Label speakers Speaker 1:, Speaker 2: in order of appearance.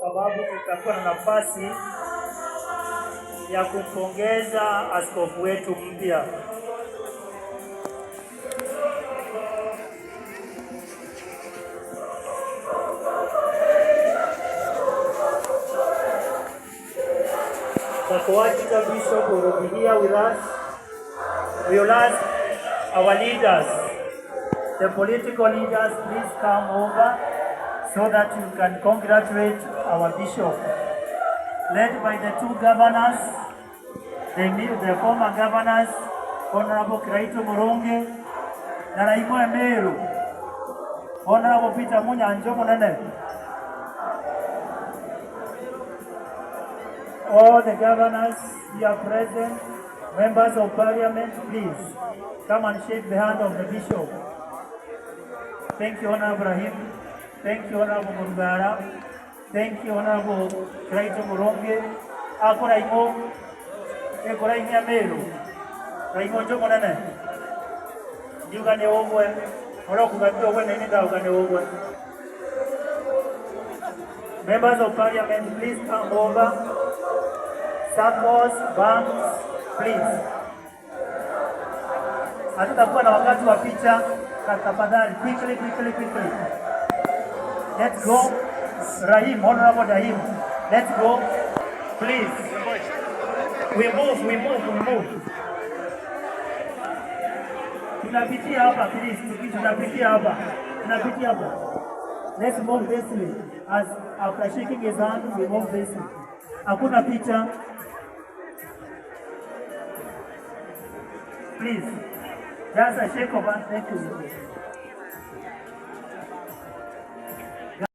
Speaker 1: sababu tutakuwa na nafasi ya kumpongeza askofu wetu mpya. Kwa coadjutor bishop us. our leaders, the political leaders, please come over. so that you can congratulate our bishop. Led by the two governors, the, the former governors, Honorable Kraito Muronge, Naraimo Emeru, Honorable Peter Munyanjo Munene, all the governors here present, members of parliament, please come and shake the hand of the bishop. Thank you, Honorable Ibrahim. Thank you, Honorable Murugara. Thank you, Honorable Kraito Muronge. Ako ah, Raimo, Eko eh, Raimi amero. Kaimo njomo nene. Ndiuga ne ogwe. Ora kugabia ogwe nini da uga ne ogwe. Members of Parliament, please come over. Sackboys, banks, please. Hatutakuwa na wakati wa picha, tafadhali quickly quickly quickly. Let's go. Rahim, Honorable Rahim. Let's go. Please. We move, we move, we move. Tunapitia hapa please. Tunapitia hapa. Tunapitia hapa. Let's move this way. As after shaking his hand, we move this way. Hakuna picha. Please. Just a shake of hand. Thank you.